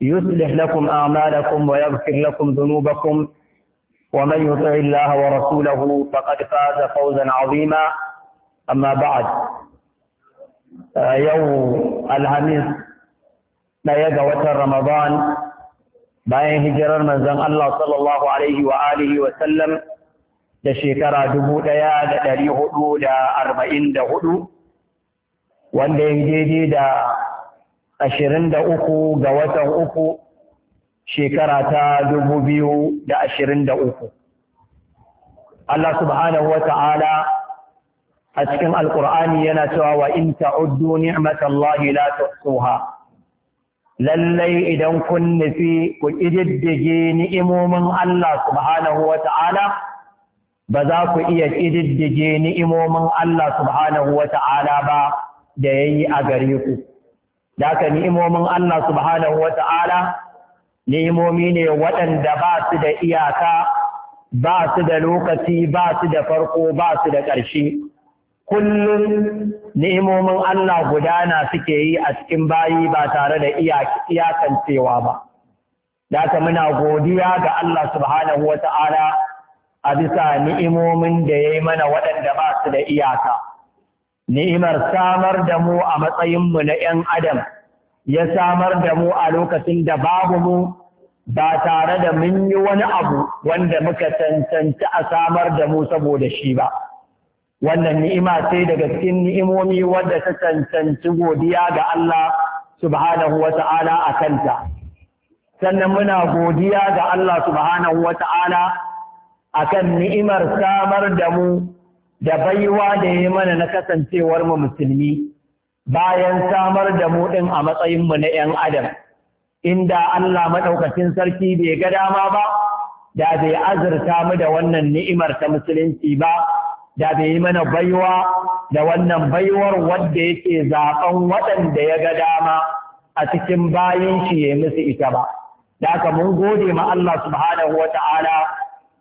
يصلح لكم أعمالكم ويغفر لكم ذنوبكم ومن يطع الله ورسوله فقد فاز فوزا عظيما أما بعد يوم الخميس لا يجا رمضان bayan hijirar manzon Allah sallallahu alaihi wa alihi wa sallam da shekara dubu ɗaya da ɗari hudu da arba'in da hudu wanda ya daidai da ashirin da uku ga watan uku shekara ta dubu biyu da ashirin da uku. Allah subhanahu wa ta'ala a cikin Alƙur'ani yana cewa wa in ta'uddu ni'matallahi la tuhsuha lallai idan kun nufi ku ƙididdige ni'imomin Allah subhanahu wa ta'ala ba za ku iya ƙididdige ni'imomin Allah subhanahu wa ta'ala ba da yayi a gare ku da haka ni'imomin Allah subhanahu wa ta'ala ni'imomi ne waɗanda ba su da iyaka ba su da lokaci ba su da farko ba su da ƙarshe kullum ni'imomin Allah gudana suke yi a cikin bayi ba tare da iyakancewa ba da haka muna godiya ga Allah subhanahu wa ta'ala a bisa ni'imomin da ya yi mana waɗanda ba su da iyaka ni'imar samar da mu a matsayinmu na ‘yan adam ya samar da mu a lokacin da babu mu ba tare da mun yi wani abu wanda muka cancanci a samar da mu saboda shi ba. Wannan ni'ima ce daga cikin ni'imomi wadda ta cancanci godiya ga Allah subhanahu wa ta'ala a kanta. Sannan muna godiya ga Allah subhanahu wa ta'ala a kan ni'imar samar da mu da baiwa da ya mana na kasancewar mu musulmi bayan samar da mu din a matsayin mu na ‘yan adam inda Allah maɗaukacin sarki bai ga dama ba da bai azurta mu da wannan ni'imar ta musulunci ba da bai yi mana baiwa da wannan baiwar wadda yake zaɓen waɗanda ya ga dama a cikin bayan shi ya musu ita ba da haka mun gode ma Allah subhanahu wa ta'ala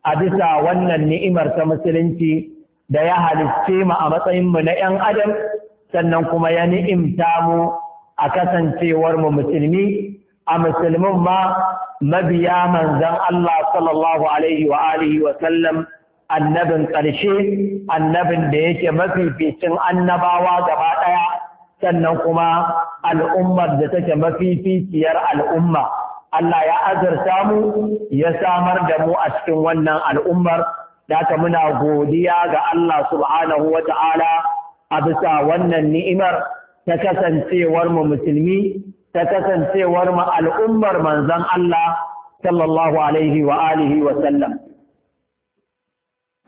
a bisa wannan ni'imar ta musulunci da ya halicce mu a matsayin mu na ‘yan adam sannan kuma ya ni'imta mu a kasancewar mu musulmi a musulmin ma mabiya manzan Allah sallallahu alaihi wa alihi wa sallam annabin ƙarshe annabin da yake mafificin annabawa gaba ɗaya sannan kuma al'ummar da take mafificiyar al'umma Allah ya azurta mu ya samar da mu a cikin wannan al'ummar da aka muna godiya ga Allah subhanahu wa ta'ala a bisa wannan ni'imar ta kasancewar mu musulmi ta kasancewar mu al'ummar manzon Allah sallallahu alaihi wa alihi wa sallam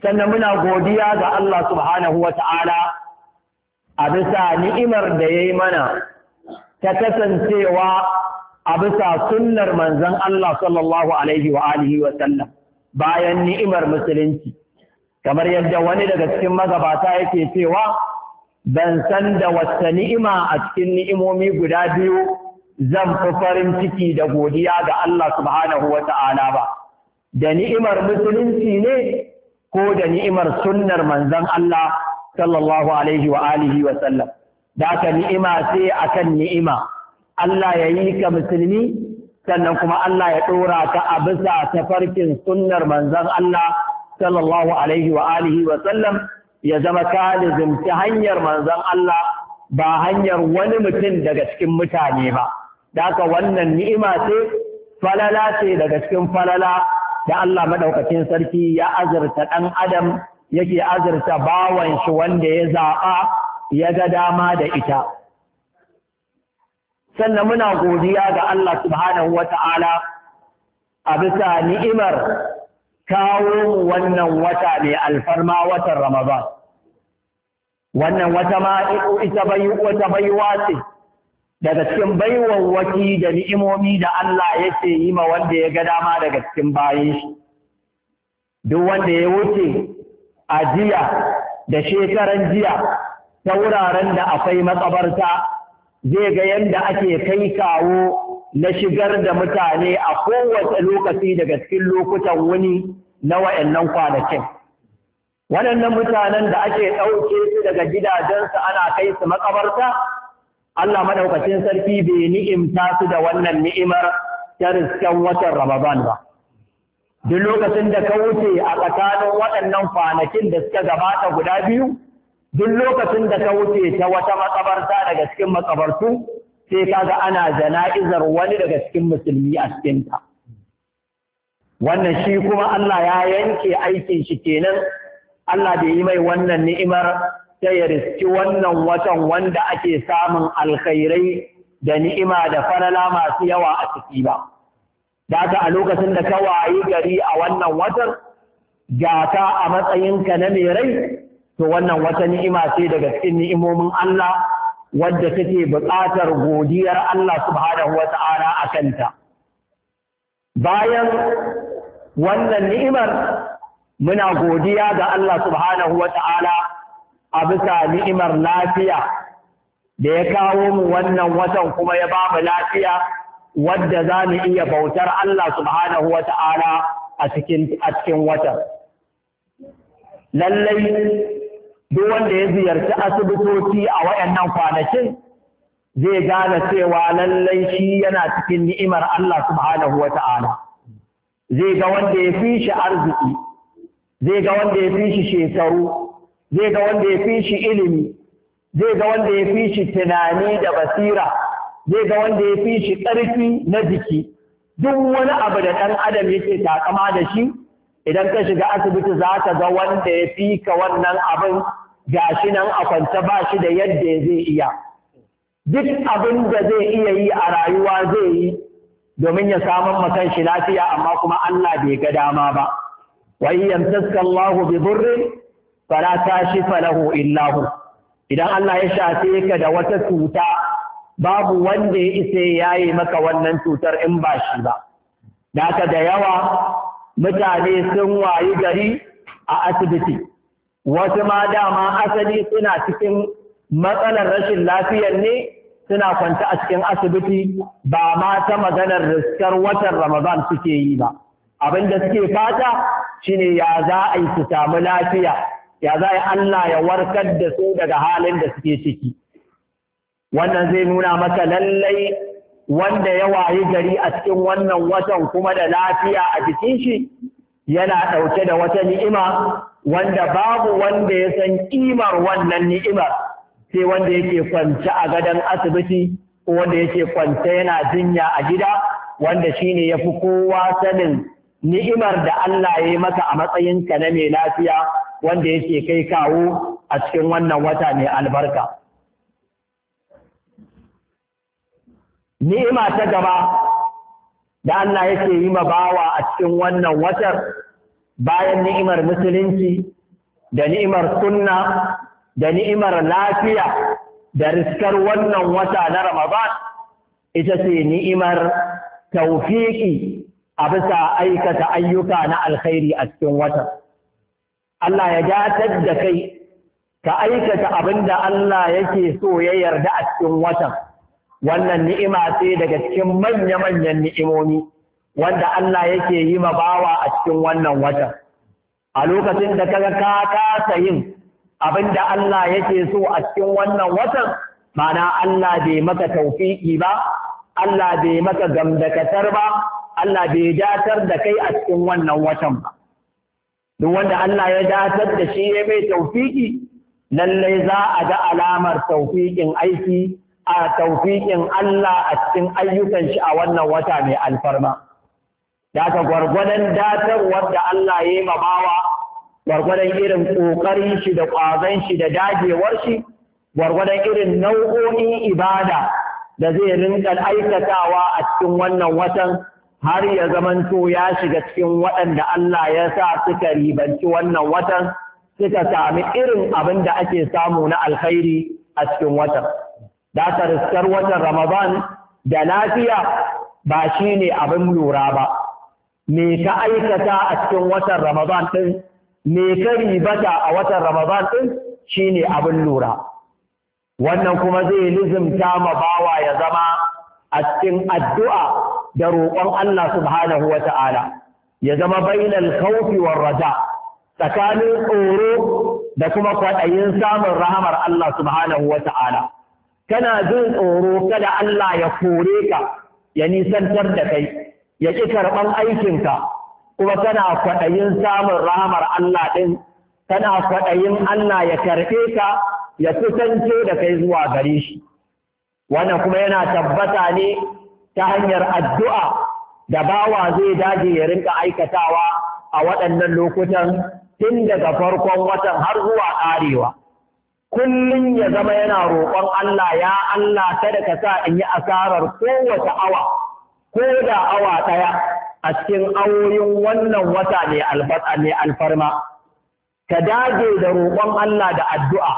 sannan muna godiya ga Allah subhanahu wa ta'ala a bisa ni'imar da ya yi mana ta kasancewa a bisa sunnar manzan Allah sallallahu Alaihi wa alihi wa sallam. bayan ni'imar musulunci kamar yadda wani daga cikin magabata yake cewa ban san da wata ni'ima a cikin ni'imomi guda biyu zan fi farin ciki da godiya ga Allah subhanahu wa ta'ala ba da ni'imar musulunci ne ko da ni'imar sunnar manzon Allah sallallahu alaihi wa alihi wa sallam da ni'ima sai akan ni'ima Allah ya yi ka musulmi sannan kuma Allah ya ɗora ta a bisa tafarkin sunnar manzon Allah sallallahu alaihi wa alihi wa sallam ya zama ka ta hanyar manzon Allah ba hanyar wani mutum daga cikin mutane ba da wannan ni'ima ce falala ce daga cikin falala da Allah maɗaukacin sarki ya azurta ɗan adam yake azurta bawan shi wanda ya zaɓa ya ga dama da ita sannan muna godiya ga Allah subhanahu wata'ala a bisa ni'imar kawo mu wannan wata mai alfarma watan Ramadan wannan wata ma ita bai wata baiwa ce daga cikin baiwawwaki da ni'imomi da Allah yake yi ma wanda ya ga dama daga cikin bayin shi duk wanda ya wuce a jiya da shekaran jiya ta wuraren da akwai matsabarta zai ga yadda ake kai kawo na shigar da mutane a kowace lokaci daga cikin lokutan wuni na wayannan kwanakin. Waɗannan mutanen da ake ɗauke su daga gidajensu ana kai su makabarta, Allah maɗaukacin sarki bai ni'imta su da wannan ni'imar tarisken watan Ramadan ba. Duk lokacin da ka wuce a tsakanin waɗannan kwanakin da suka gabata guda biyu, duk lokacin da ka wuce ta wata makabarta daga cikin makabartu sai kaga ana jana'izar wani daga cikin musulmi a cikinta wannan shi kuma Allah ya yanke aikin shi kenan Allah bai yi mai wannan ni'imar ta ya riski wannan watan wanda ake samun alkhairai da ni'ima da farala masu yawa a ciki ba. Da a lokacin da ka wayi gari a wannan watan, ga ta a matsayinka na mai rai, to wannan wata ni'ima ce daga cikin ni'imomin Allah wadda take buƙatar godiyar Allah subhanahu wa ta'ala a kanta bayan wannan ni'imar muna godiya ga Allah subhanahu wa ta'ala a bisa ni'imar lafiya da ya kawo mu wannan watan kuma ya ba mu lafiya wadda za mu iya bautar Allah subhanahu wa ta'ala a cikin watan. Lallai duk wanda ya ziyarci asibitoci a wayannan kwanakin zai gane cewa lallai shi yana cikin ni'imar Allah subhanahu wa ta'ala zai ga wanda ya fi shi arziki zai ga wanda ya fi shi shekaru zai ga wanda ya fi shi ilimi zai ga wanda ya fi shi tunani da basira zai ga wanda ya fi shi ƙarfi na jiki duk wani abu da ɗan adam yake takama da shi idan ka shiga asibiti za ka ga wanda ya fi ka wannan abin ga shi nan a kwanta ba shi da yadda zai iya duk abin da zai iya yi a rayuwa zai yi domin ya samun makan shi lafiya amma kuma Allah bai ga dama ba wa yamtaska Allah bi burri fala ta shi falahu illahu. idan Allah ya shafe ka da wata cuta babu wanda ya isa ya yi maka wannan cutar in ba shi ba da da yawa mutane sun wayi gari a asibiti wasu ma dama asali suna cikin matsalar rashin lafiyar ne suna kwanta a cikin asibiti ba ma ta maganar riskar watan Ramadan suke yi ba. Abin da suke fata shine ya za a yi su samu lafiya, ya za a yi Allah ya warkar da su daga halin da suke ciki. Wannan zai nuna maka lallai wanda ya wayi gari a cikin wannan watan kuma da lafiya a jikin shi yana ɗauke da wata ni'ima wanda babu wanda ya san kimar wannan ni'imar sai wanda yake kwance a gadon asibiti ko wanda yake kwance yana jinya a gida wanda shine fi kowa sanin ni'imar da Allah ya yi maka a matsayinka na mai lafiya wanda yake kai kawo a cikin wannan wata mai albarka ni'ima ta gaba da Allah yake yi ma bawa a cikin wannan watar bayan ni'imar musulunci da ni'imar sunna da ni'imar lafiya da riskar wannan wata na Ramadan ita ce ni'imar tawfiqi a bisa aikata ayyuka na alkhairi a cikin watan. Allah ya datar da kai ka aikata abin da Allah yake so ya yarda a cikin watan. Wannan ni'ima ce daga cikin manya-manyan ni'imomi. wanda Allah yake yi ma bawa a cikin wannan watan a lokacin da kaga ka kasa yin abin da Allah yake so a cikin wannan watan mana Allah bai maka taufiƙi ba Allah bai maka gamdakatar ba Allah bai datar da kai a cikin wannan watan ba duk wanda Allah ya datar da shi ya mai taufiƙi lallai za a ga alamar taufiƙin aiki a taufiƙin Allah a cikin ayyukan shi a wannan wata mai alfarma. da aka gwargwadon datarwar da Allah ya yi mabawa gwargwadon irin ƙoƙarin shi da ƙwazon shi da dagewar shi gwargwadon irin nau'o'in ibada da zai rinka aikatawa a cikin wannan watan har ya zamanto ya shiga cikin waɗanda Allah ya sa suka ribanci wannan watan suka sami irin abin da ake samu na alkhairi a cikin watan. Da riskar watan Ramadan da lafiya ba shi ne abin lura ba, me ka aikata a cikin watan Ramadan ɗin, me ka ribata a watan Ramadan ɗin shi ne abin lura. Wannan kuma zai lizimta ma bawa ya zama a cikin addu'a da roƙon Allah subhanahu wa ta'ala, ya zama bainal kaufiwar wa raja tsakanin tsoro da kuma kwaɗayin samun rahamar Allah subhanahu wa ta'ala. Kana jin tsoro kada Allah ya kore ka, ya nisantar da kai. ya ƙi karɓar aikinka kuma tana kwaɗayin samun rahamar Allah ɗin tana kwaɗayin Allah ya karɓe ka ya kusance da kai zuwa gare shi wannan kuma yana tabbata ne ta hanyar addu'a da bawa zai dage ya rinka aikatawa a waɗannan lokutan tun daga farkon watan har zuwa ƙarewa kullum ya zama yana roƙon Allah ya Allah kada ka sa in yi asarar kowace awa ko da awa ɗaya a cikin awoyin wannan wata ne alfarma ka dage da roƙon Allah da addu'a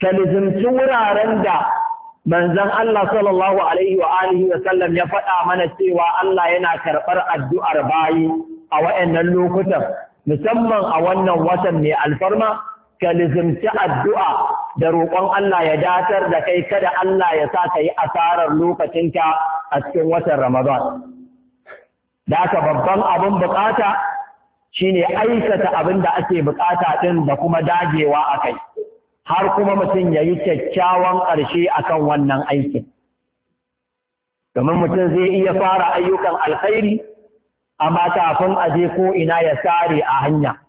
ka lizinci wuraren da manzon Allah sallallahu alaihi wa alihi wa sallam ya faɗa mana cewa Allah yana karɓar addu'ar bayi a waɗannan lokutan musamman a wannan watan mai alfarma ka lizimci addu'a da roƙon Allah ya datar da kai kada Allah ya sa ka yi asarar lokacinka a cikin watan Ramadan. Da haka babban abin bukata shine aikata abin da ake bukata ɗin da kuma dagewa a kai, har kuma mutum ya yi kyakkyawan ƙarshe a kan wannan aikin. Domin mutum zai iya fara ayyukan alkhairi, amma kafin a je ko ina ya sare a hanya.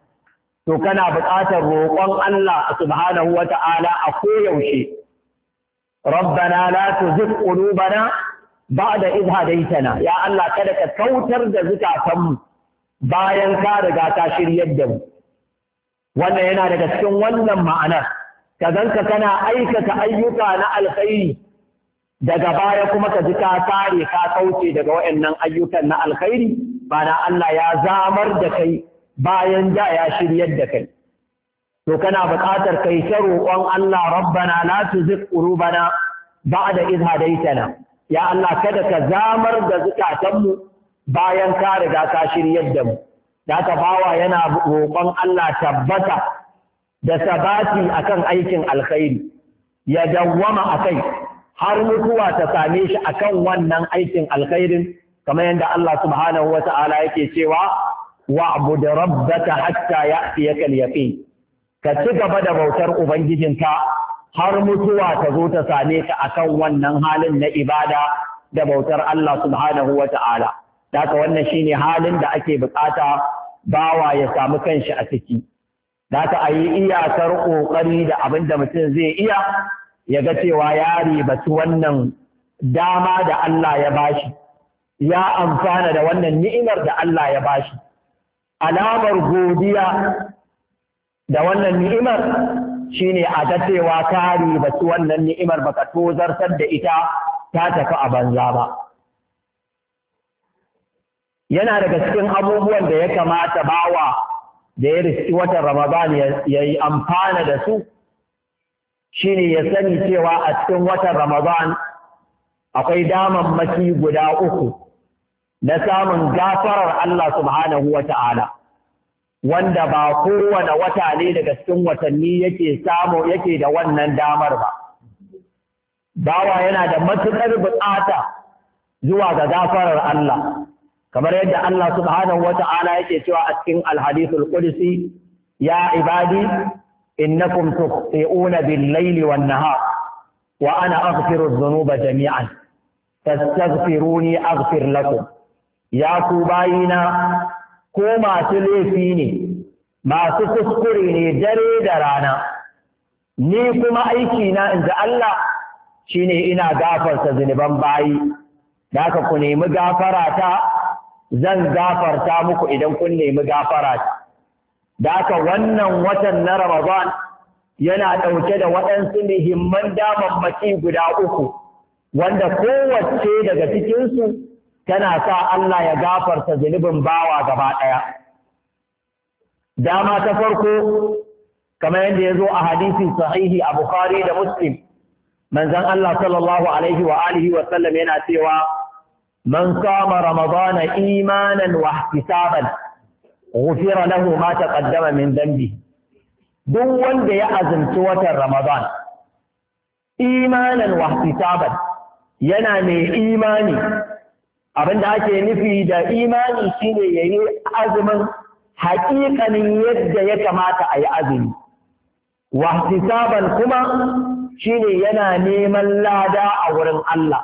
to kana buƙatar roƙon Allah subhanahu wa ta'ala a koyaushe rabbana la tuzigh qulubana ba'da idh hadaytana ya Allah kada ka kautar da zukatanmu bayan ka riga ka shiryar da mu wannan yana daga cikin wannan ma'anar ka zanka kana aikata ayyuka na alkhairi daga baya kuma ka ji ka kare ka kauce daga waɗannan ayyukan na alkhairi bana Allah ya zamar da kai bayan da ya shiryar da kai to kana buƙatar kai ta roƙon Allah rabbana la tuzigh qulubana ba'da idh hadaytana ya Allah kada ka zamar da mu bayan ka riga ka shiryar da mu da ka bawa yana roƙon Allah tabbata da sabati akan aikin alkhairi ya dawwama akai har mutuwa ta same shi akan wannan aikin alkhairin kamar yadda Allah subhanahu wa ta'ala yake cewa wa'bud rabbaka hatta ya'tiyaka al-yaqin ka ci gaba da bautar ubangijinka har mutuwa ta zo ta same ka akan wannan halin na ibada da bautar Allah subhanahu wa ta'ala haka wannan shine halin da ake bukata bawa ya samu kanshi a ciki haka a yi iyakar ƙoƙari da abinda mutum zai iya ya ga cewa ya ribaci wannan dama da Allah ya bashi ya amfana da wannan ni'imar da Allah ya bashi alamar godiya da wannan ni'imar shine a ga cewa su wannan ni'imar baka tozartar da ita ta tafi a banza ba yana daga cikin abubuwan da ya kamata bawa da ya riski watan Ramadan ya yi amfana da su shi ne ya sani cewa a cikin watan Ramadan akwai damammaki guda uku na samun gafarar Allah subhanahu wa ta'ala, wanda ba kowane wata ne daga cikin watanni yake samu yake da wannan damar ba. Bawa yana da matuƙar buƙata zuwa ga gafarar Allah, kamar yadda Allah subhanahu wa ta'ala yake cewa a cikin alhadisul Qudsi ya ibadi, innakum tukhti'una bil-laili wan-nahar wa ana aghfiru adh-dhunuba jami'an fastaghfiruni aghfir lakum ya ku bayina ko masu laifi ne masu kuskure ne dare da rana ni kuma aiki na ji Allah shi ne ina gafarta zunuban bayi ka ku nemi gafara ta zan gafarta muku idan kun nemi gafara ta da ka wannan watan na Ramadan yana ɗauke da waɗansu muhimman damammaki guda uku wanda kowace daga cikinsu tana sa Allah ya gafarta zunubin bawa gaba ɗaya. Dama ta farko, kamar yadda ya zo a hadisin sahihi a Bukhari da Muslim, manzan Allah sallallahu Alaihi wa alihi wa yana cewa, Man kama Ramadana imanan wa hisaban, gufira lahu ma taqaddama min dambi. Duk wanda ya azumci watan Ramadan, imanan wa hisaban, yana mai imani abin da ake nufi da imani shine yayi azumin haƙiƙanin yadda ya kamata a yi azumi wahtisaban kuma shine yana neman lada a wurin Allah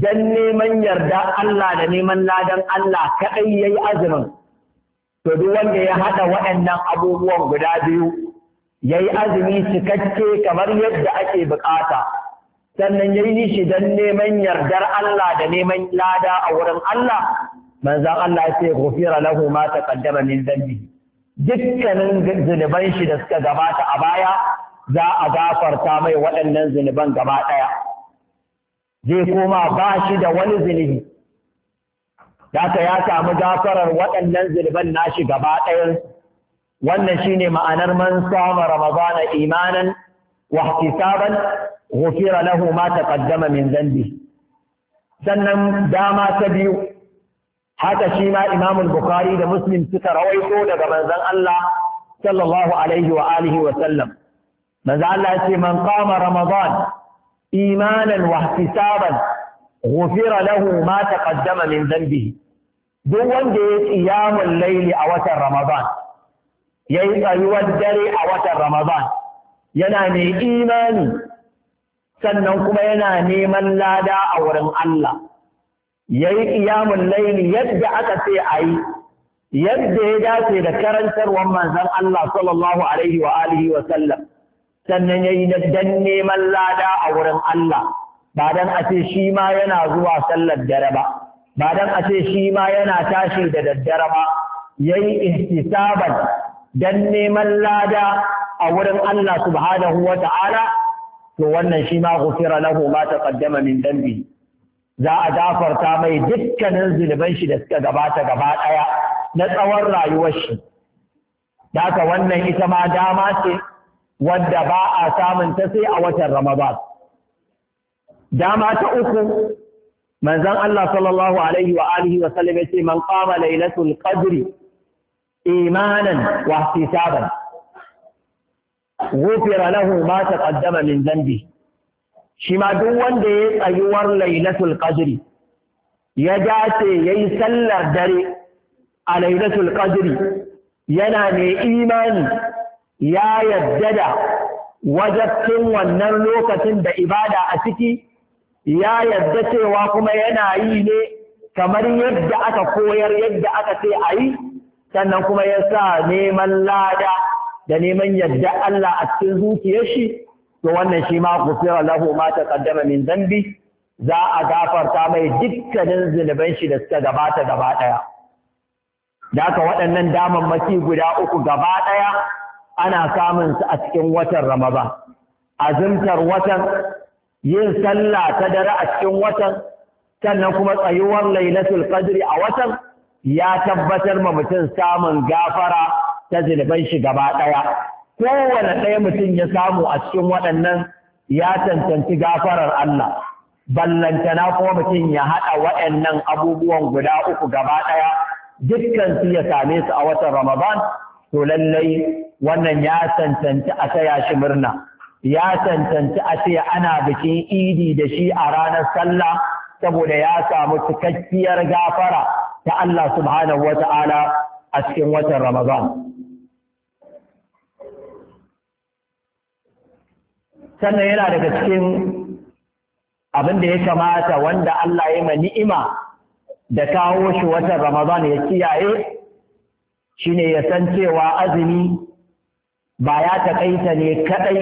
dan neman yarda Allah da neman ladan Allah kaɗai ya yi azumin to duk wanda ya haɗa waɗannan abubuwan guda biyu ya yi azumi cikakke kamar yadda ake buƙata sannan ya yi shi don neman yardar Allah da neman lada a wurin Allah manzan Allah sai gufira lahu ma kaddara min dhanbi dukkanin zunuban shi da suka gabata a baya za a gafarta mai waɗannan zunuban gaba ɗaya zai koma ba shi da wani zunubi Daka ya samu gafarar waɗannan zunuban nashi gaba ɗayan wannan shine ma'anar man sama ramadana imanan wa ihtisaban ghufira lahu ma taqaddama min dhanbi sannan dama ta biyu haka shi ma imamul Bukhari da Muslim suka rawaito daga manzon Allah sallallahu alaihi wa alihi wa sallam manzon Allah ya ce man qama ramadan imanan wa ihtisaban ghufira lahu ma taqaddama min dhanbihi duk wanda ya qiyamul layli a watan ramadan yayi tsayuwar dare a watan ramadan yana mai imani sannan kuma yana neman lada a wurin Allah ya yi ƙiyamun laini yadda aka ce a yi yadda ya dace da karantarwar manzon Allah sallallahu alaihi wa alihi wa sallam sannan ya yi dan neman lada a wurin Allah ba don a ce shi ma yana zuwa sallar dare ba ba a ce shi ma yana tashi da daddare ba ya yi ihtisaban dan neman lada a wurin Allah subhanahu wa ta'ala to wannan shi ma gufira lahu ma taqaddama min dambi za a gafarta mai dukkanin zunuban shi da suka gabata gaba daya na tsawon rayuwar shi haka wannan ita ma dama ce wadda ba a samun ta sai a watan Ramadan dama ta uku manzon Allah sallallahu alaihi wa alihi wa sallam yace man qama lailatul qadri imanan wa ihtisaban gufira lahu ma taqaddama min dhanbi shi ma duk wanda ya tsayuwar lailatul qadri ya dace yayi sallar dare a lailatul qadri yana mai imani ya yadda da wajabtin wannan lokacin da ibada a ciki ya yadda cewa kuma yana yi ne kamar yadda aka koyar yadda aka ce a yi sannan kuma ya sa neman lada da neman yadda Allah a cikin zuciyar shi to wannan shi ma gufira lahu ma taqaddama min dhanbi za a gafarta mai dukkanin zunuban shi da suka gabata gaba daya da haka waɗannan damammaki guda uku gaba daya ana samun su a cikin watan Ramadan azumtar watan yin sallah ta dare a cikin watan sannan kuma tsayuwar lailatul qadri a watan ya tabbatar ma mutum samun gafara ta zunuban shi gaba ɗaya kowane ɗaya mutum ya samu a cikin waɗannan ya cancanci gafarar Allah ballantana kuma mutum ya haɗa waɗannan abubuwan guda uku gaba ɗaya dukkan su ya same su a watan Ramadan to lallai wannan ya cancanci a taya shi murna ya cancanci a ce ana bikin idi da shi a ranar sallah saboda ya samu cikakkiyar gafara ta Allah subhanahu wa ta'ala a cikin watan Ramadan. sannan yana daga cikin abin da ya kamata wanda Allah ya ma ni'ima da kawo shi watan Ramadan ya kiyaye shine ya san cewa azumi ba ya taƙaita ne kaɗai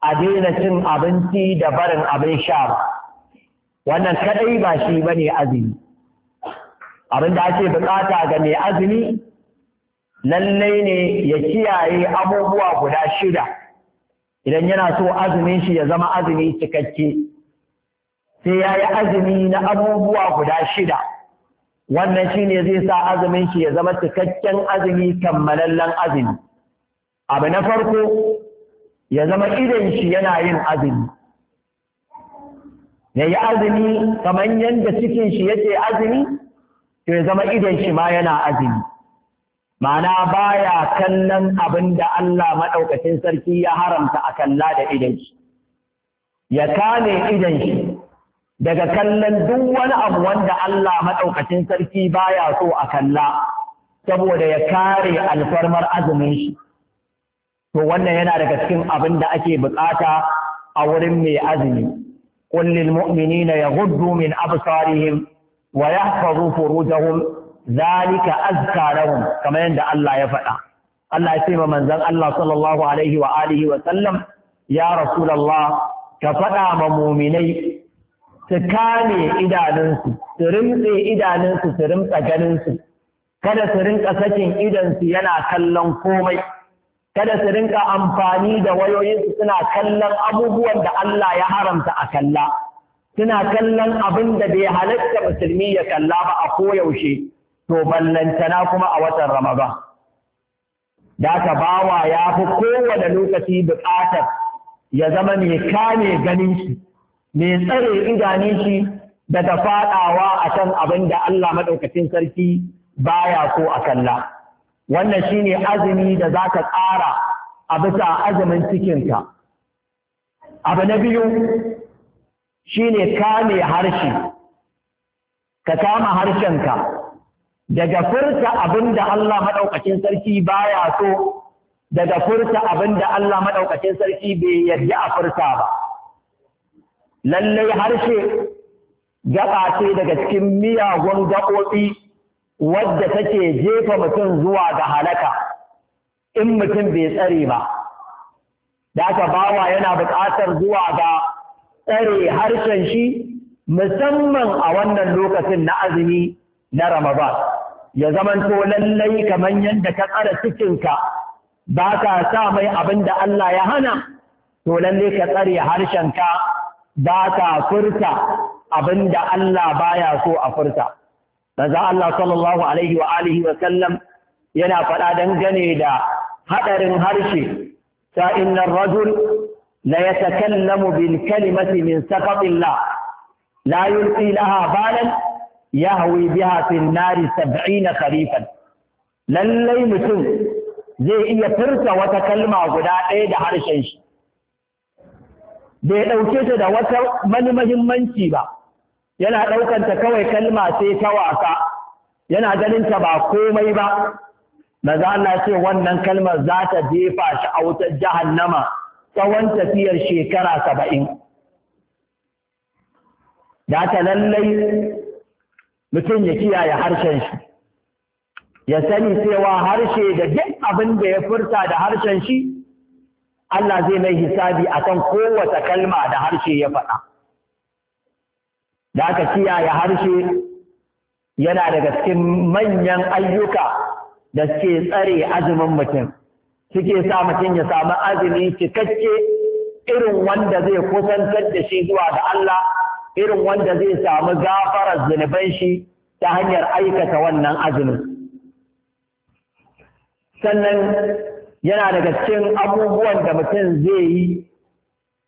a daina cin abinci da barin abin sha ba wannan kaɗai ba shi ba ne azumi abin da ake buƙata ga mai azumi lallai ne ya kiyaye abubuwa guda shida idan yana so azumin shi ya zama azumi cikakke sai ya yi azumi na abubuwa guda shida wannan shi ne zai sa azumin shi ya zama cikakken azumi kammalallen azumi abu na farko ya zama idan shi yana yin azumi ya yi azumi kamar yadda cikin shi yake azumi to ya zama idan shi ma yana azumi Mana baya kallon abin da Allah maɗaukacin sarki ya haramta a kalla da idan shi, ya kame idan shi daga kallon duk wani abu wanda Allah maɗaukacin sarki baya so a kalla, saboda ya kare alfarmar azumin shi. To wannan yana daga cikin abin da ake bukata a wurin mai azumi. Kullil mu'minina ya gudu min absarihim wa yahfazu furujahum zalika azkarahum kamar yadda Allah ya faɗa Allah ya ce ma manzon Allah sallallahu alaihi wa wa sallam ya rasulullah ka faɗa ma muminai su kame idanunsu su rimtse idanunsu su rimtsa ganinsu kada su rinka sakin idansu yana kallon komai kada su rinka amfani da wayoyinsu suna kallon abubuwan da Allah ya haramta a kalla suna kallon abin da bai halarta musulmi ya kalla ba a koyaushe to ballantana kuma a watan Ramadan. Da bawa ya fi kowane lokaci buƙatar ya zama mai kame ganin shi, mai tsare idanun shi daga faɗawa a kan abin da Allah maɗaukacin sarki baya ko a kalla. Wannan shi ne azumi da za ka tsara a bisa azumin cikinka. Abu na biyu shi ne kame harshe, ka kama harshenka. daga furta abin da Allah maɗaukacin sarki baya so daga furta abin da Allah maɗaukacin sarki bai yarda a furta ba lallai harshe gaba ce daga cikin miyagun gaɓoɓi wadda take jefa mutum zuwa ga halaka in mutum bai tsare ba da bawa yana buƙatar zuwa ga tsare harshen shi musamman a wannan lokacin na azumi na Ramadan. ya to lallai kamar yadda ka tsara cikinka ba ka sa mai abin da Allah ya hana to lallai ka tsare harshenka ba ka furta abin da Allah baya so a furta maza Allah sallallahu alaihi wa alihi wa sallam yana faɗa dangane da haɗarin harshe ta inna rajul la yatakallamu bil kalimati min saqatillah la yulqi laha balan yahwi biha fil nari 70 kharifan lallai mutum zai iya furta wata kalma guda ɗaya da harshen shi bai ɗauke ta da wata mani muhimmanci ba yana ɗaukanta kawai kalma sai ta wasa yana ganin ta ba komai ba maza Allah ce wannan kalmar za ta jefa shi a wutar jahannama tsawon tafiyar shekara saba'in da ta lallai mutum ya kiyaye harshen shi ya sani cewa harshe da duk abin da ya furta da harshen shi Allah zai mai hisabi akan kowace kalma da harshe ya faɗa da aka kiyaye harshe yana daga cikin manyan ayyuka da suke tsare azumin mutum suke sa mutum ya samu azumi cikakke irin wanda zai kusantar da shi zuwa da Allah irin wanda zai samu gafarar zunuban shi ta hanyar aikata wannan azumin sannan yana daga cikin abubuwan da mutum zai yi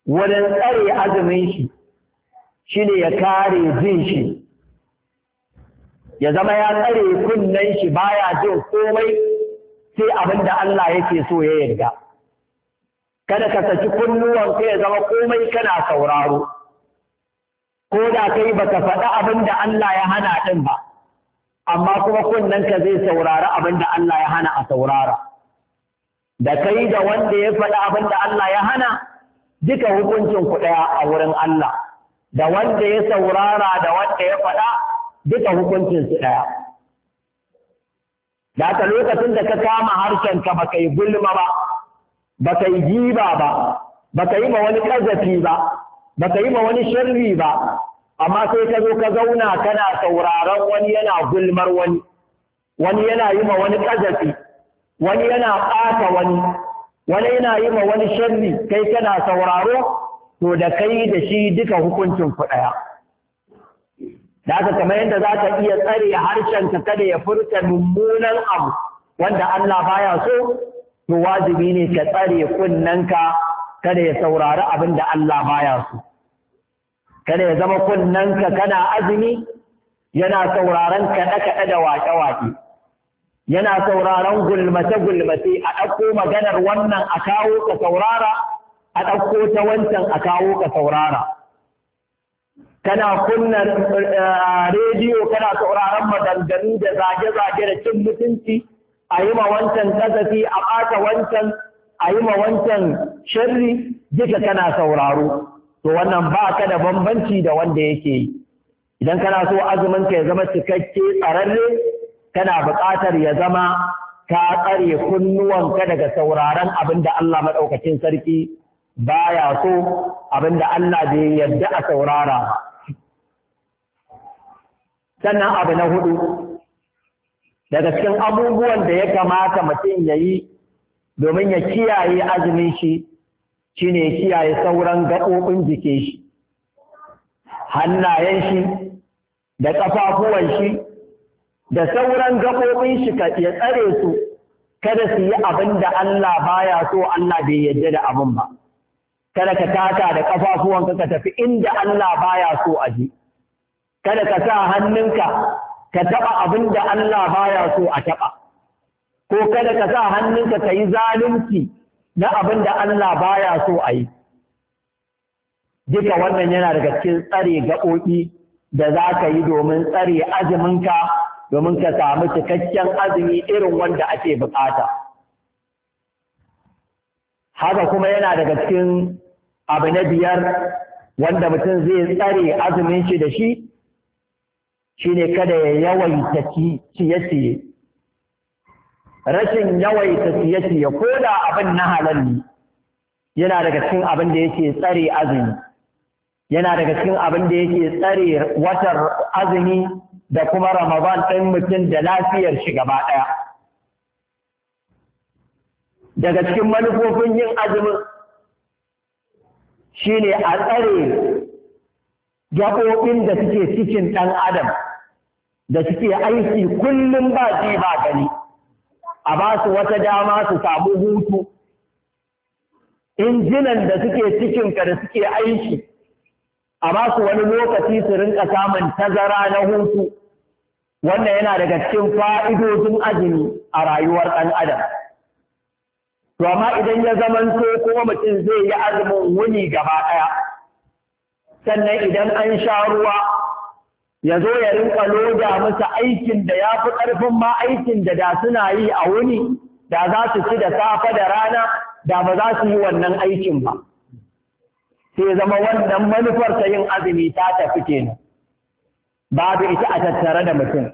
wurin tsare azumin shi ne ya kare jin shi ya zama ya tsare kunnen shi baya jin komai sai abin da Allah yake so ya yarda kada ka saki kunnuwanka ya zama komai kana sauraro ko da kai baka faɗi abin da Allah ya hana ɗin ba amma kuma kunnenka zai saurari abin da Allah ya hana a saurara da kai da wanda ya faɗi abin da Allah ya hana duka hukuncin ku ɗaya a wurin Allah da wanda ya saurara da wanda ya faɗa duka hukuncin su ɗaya da haka lokacin da ka kama harshenka ka yi gulma ba ka yi jiba ba ka yi ma wani ƙazafi ba baka yi ma wani sharri ba amma sai ka zo ka zauna kana sauraron wani yana gulmar wani wani yana yi ma wani ƙazafi, wani yana ɓata wani wani yana yi ma wani sharri kai kana sauraro to da kai da shi duka hukuncin ku ɗaya da haka kamar yadda za ka iya tsare harshenka kada ya furta mummunan abu wanda Allah baya so to wajibi ne ka tsare kunnanka kada ya saurari abin da Allah baya so kada ya zama kunnanka kana azumi yana sauraron kaɗe-kaɗe da waƙe-waƙe yana sauraron gulmace-gulmace a ɗauko maganar wannan a kawo ka saurara a ɗauko ta wancan a kawo ka saurara kana kunna eh, rediyo kana sauraron maganganu da zage-zage da cin mutunci a yi ma wancan kasafi a ɓata wancan a ma wancan sharri duka kana sauraro to wannan ba ka da bambanci da wanda yake yi idan kana so azuminka ya zama cikakke tsararre kana buƙatar ya zama ka tsare kunnuwanka daga sauraron abin da Allah maɗaukacin sarki baya so abin da Allah bai yarda a saurara sannan abu na hudu daga cikin abubuwan da ya kamata mutum ya yi domin ya kiyaye azumin shi shine ne kiyaye sauran gaɓoɓin jikin shi hannayen shi da ƙafafuwan shi da sauran gaɓoɓin shi ka ya tsare su kada su yi abin da Allah baya so Allah bai yarda da abin ba kada ka taka da ƙafafuwan ka tafi inda Allah baya so a ji kada ka sa hannunka ka taɓa abin da Allah baya so a taɓa ko kada ka sa hannunka ka yi zalunci na abin da Allah baya so a yi. Duka wannan yana daga cikin tsare gaɓoɓi da za ka yi domin tsare azuminka domin ka samu cikakken azumi irin wanda ake bukata. Haka kuma yana daga cikin abu na biyar wanda mutum zai tsare azumin shi da shi, shi ne kada ya yawaita ciye-ciye. rashin yawaita siya-siya ko da abin na halal ne yana daga cikin abin da yake tsare azumi yana daga cikin abin da yake tsare watar azumi da kuma ramadan ɗin mutum da lafiyar shi gaba ɗaya daga cikin manufofin yin azumin shine a tsare gaɓoɓin da suke cikin ɗan adam da suke aiki kullum ba ji ba gani a ba su wata dama su samu hutu injinan da suke cikinka da suke aiki a ba su wani lokaci su rinka samun tazara na hutu wannan yana daga cikin fa'idojin azumi a rayuwar ɗan adam to amma idan ya zamanto kuma mutum zai yi azumin wuni gaba ɗaya sannan idan an sha ruwa ya zo ya rinka loda musu aikin da ya fi ƙarfin ma aikin da da suna yi a wuni da za su ci da safe da rana da ba za su yi wannan aikin ba sai zama wannan manufar ta yin azumi ta tafi kenan babu ita a tattare da mutum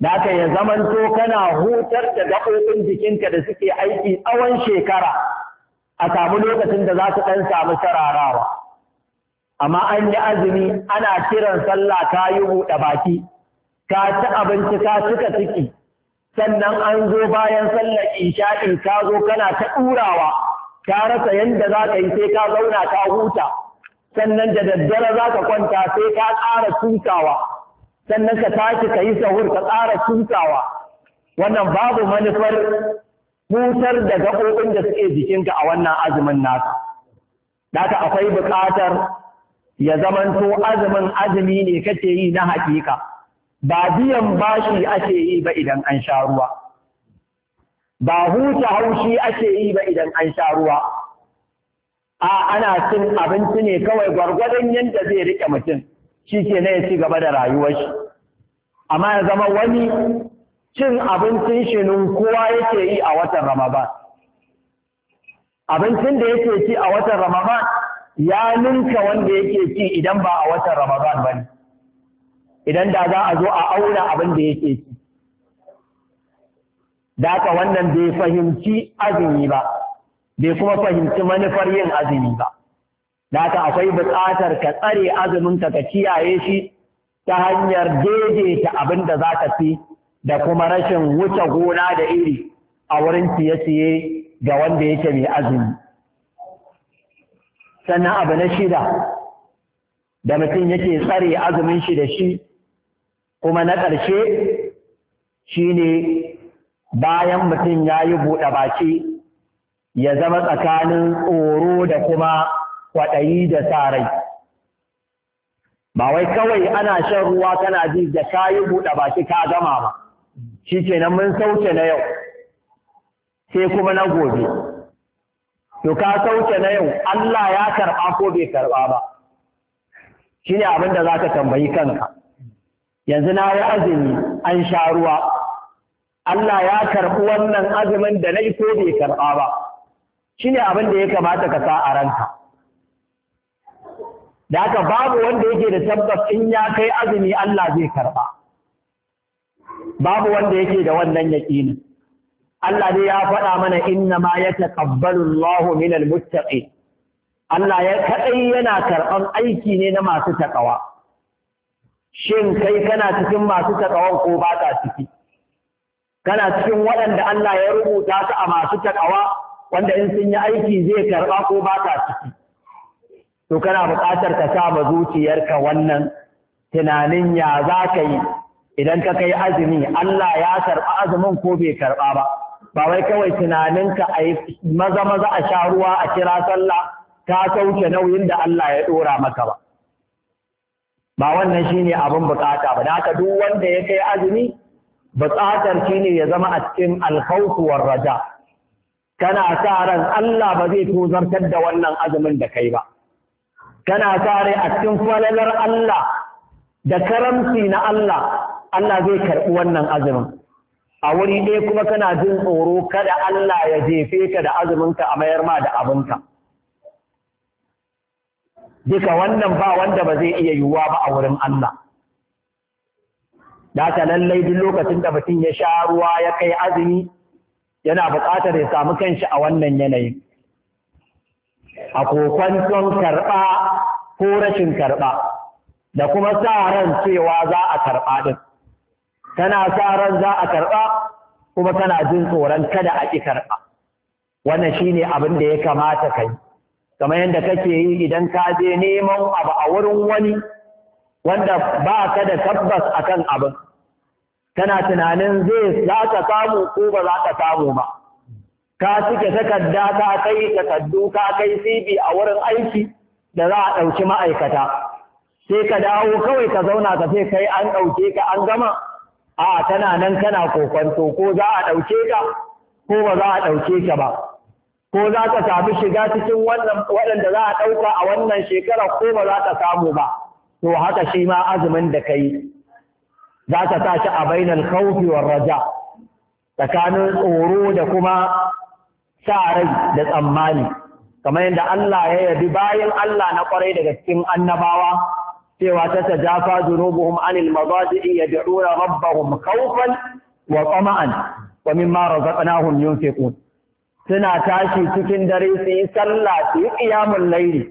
da ka ya zamanto kana hutar da gaɓoɓin jikinka da suke aiki tsawon shekara a samu lokacin da za su ɗan samu sararawa amma an yi azumi ana kiran sallah ka yi buɗe baki ka ci abinci ka cika ciki sannan an zo bayan sallar isha'i ka zo kana ta ɗurawa ka rasa yadda za ka yi sai ka zauna ka huta sannan da daddare za ka kwanta sai ka ƙara tutawa sannan ka tashi ka yi sahur ka ƙara tutawa wannan babu manufar hutar da gaɓoɓin da suke jikinka a wannan azumin nasa Daka akwai bukatar. ya zamanto azumin azumi ne kake yi na hakika ba biyan bashi ake yi ba idan an sha ruwa ba huta haushi ake yi ba idan an sha ruwa a ana cin abinci ne kawai gwargwadon yadda zai rike mutum shi ke na ya ci gaba da rayuwar shi amma ya zama wani cin abincin shi kowa yake yi a watan ramadan abincin da yake ci a watan ramadan ya ninka wanda yake ci idan ba a watan Ramadan ba ne, idan da za a zo a auna abin da yake ci. Daka wannan bai fahimci azumi ba, bai kuma fahimci manufar yin azumi ba. Daka akwai buƙatar ka tsare azuminka ka kiyaye shi ta hanyar daidaita abin da za ka fi da kuma rashin wuce gona da iri a wurin siye-siye ga wanda yake mai azumi. sannan abu na shida da mutum yake tsare azumin shi da shi kuma na ƙarshe shine bayan mutum ya yi buɗe baki ya zama tsakanin tsoro da kuma kwaɗayi da sa-rai. ba wai kawai ana shan ruwa kana ji da ka yi buɗe baki ka gama ba shi kenan mun sauke na yau sai kuma na gobe to ka sauke na yau Allah ya karɓa ko bai karɓa ba shi ne abin da za ka tambayi kanka yanzu na yi azumi an sha ruwa Allah ya karɓi wannan azumin da na yi ko bai karɓa ba shi ne abin da ya kamata ka sa a ranka da haka babu wanda yake da tabbas in ya kai azumi Allah zai karɓa babu wanda yake da wannan yaƙinin Allah dai ya faɗa mana inna ma ya taqabbalu Allahu minal muttaqin Allah ya kadai yana karɓar aiki ne na masu takawa shin kai kana cikin masu takawan ko ba ka ciki kana cikin waɗanda Allah ya rubuta su a masu takawa wanda in sun yi aiki zai karɓa ko ba ka ciki to kana buƙatar ka sa ma zuciyarka wannan tunanin ya za ka yi idan ka kai azumi Allah ya karɓa azumin ko bai karɓa ba ba wai kawai tunaninka a yi maza maza a sha ruwa a kira sallah ta sauke nauyin da Allah ya ɗora maka ba ba wannan shine abin bukata ba da haka duk wanda ya kai azumi bukatar shine ya zama a cikin alkhawf war raja kana sa ran Allah ba zai tozartar da wannan azumin da kai ba kana sa rai a cikin falalar Allah da karamci na Allah Allah zai karɓi wannan azumin a wuri ɗaya kuma kana jin tsoro kada Allah ya jefe ka da azuminka a mayar ma da abinka duka wannan ba wanda ba zai iya yiwuwa ba a wurin Allah da ta lallai duk lokacin da mutum ya sha ruwa ya kai azumi yana buƙatar ya samu kanshi a wannan yanayi a kokwanton karɓa ko rashin karɓa da kuma sa ran cewa za a karɓa ɗin. tana sa ran za a karɓa kuma tana jin tsoron kada a ƙi karɓa wannan shine abin da ya kamata ka yi kamar yadda kake yi idan ka je neman abu a wurin wani wanda ba ka da tabbas akan abin kana tunanin zai za ka samu ko ba za ka samu ba ka cike takarda ka kai takardu ka kai CV a wurin aiki da za a ɗauki ma'aikata sai ka dawo kawai ka zauna ka sai kai an ɗauke ka an gama a tana nan kana kokonto ko za a ɗauke ka ko ba za a ɗauke ka ba ko za ka samu shiga cikin wannan waɗanda za a ɗauka a wannan shekara ko ba za ka samu ba to haka shi ma azumin da ka yi za ka sa shi a bainan kaufi wa raja tsakanin tsoro da kuma sa rai da tsammani kamar yadda Allah ya yabi bayan Allah na kwarai daga cikin annabawa cewa ta ta jafa junubuhum anil madaji'i yad'una rabbahum khawfan wa tama'an wa mimma razaqnahum yunfiqun suna tashi cikin dare su yi sallah su yi qiyamul layli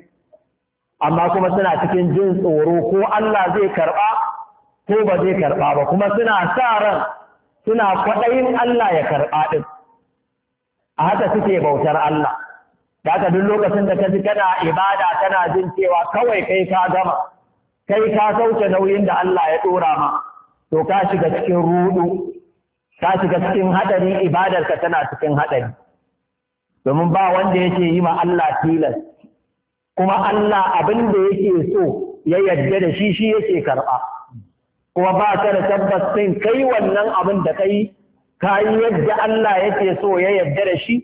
amma kuma suna cikin jin tsoro ko Allah zai karba ko ba zai karba ba kuma suna sa ran suna kwaɗayin Allah ya karba din a haka suke bautar Allah da haka duk lokacin da ka ji kana ibada kana jin cewa kawai kai ka gama kai ka sauke nauyin da Allah ya ɗora ma to ka shiga cikin rudu ka shiga cikin haɗari ibadarka tana cikin haɗari domin ba wanda yake yi ma Allah tilas kuma Allah abin da yake so ya yarda da shi shi yake karɓa kuma ba ka da tabbas kai wannan abin da kai ka yi yadda Allah yake so ya yarda da shi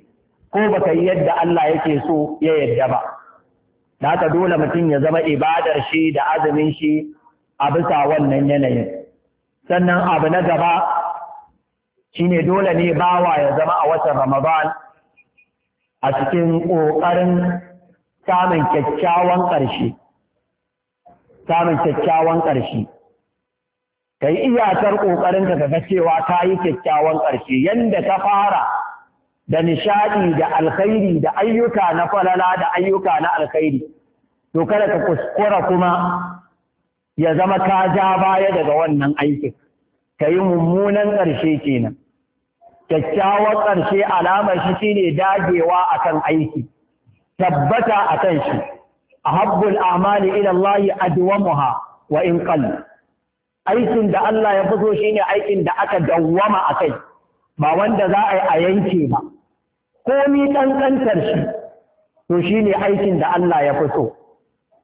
ko baka yi yadda Allah yake so ya yarda ba da haka dole mutum ya zama ibadar shi da azumin shi a bisa wannan yanayin sannan abu na gaba shine dole ne bawa ya zama a watan ramadan a cikin ƙoƙarin samun kyakkyawan ƙarshe samun kyakkyawan ƙarshe Kai iyakar ƙoƙarinka ka cewa ta yi kyakkyawan ƙarshe yadda ta fara da nishaɗi da alkhairi da ayyuka na falala da ayyuka na alkhairi to kada ka kuskura kuma ya zama ka ja baya daga wannan aikin ka yi mummunan ƙarshe kenan kyakkyawar ƙarshe alamar shi shine dagewa akan aiki tabbata akan shi ahabbul a'mali ila Allah adwamuha wa in qall aikin da Allah ya fito shine aikin da aka dawwama akai ba wanda za a yi a yanke ba komi ƙanƙantar shi to shi ne aikin da Allah ya fi so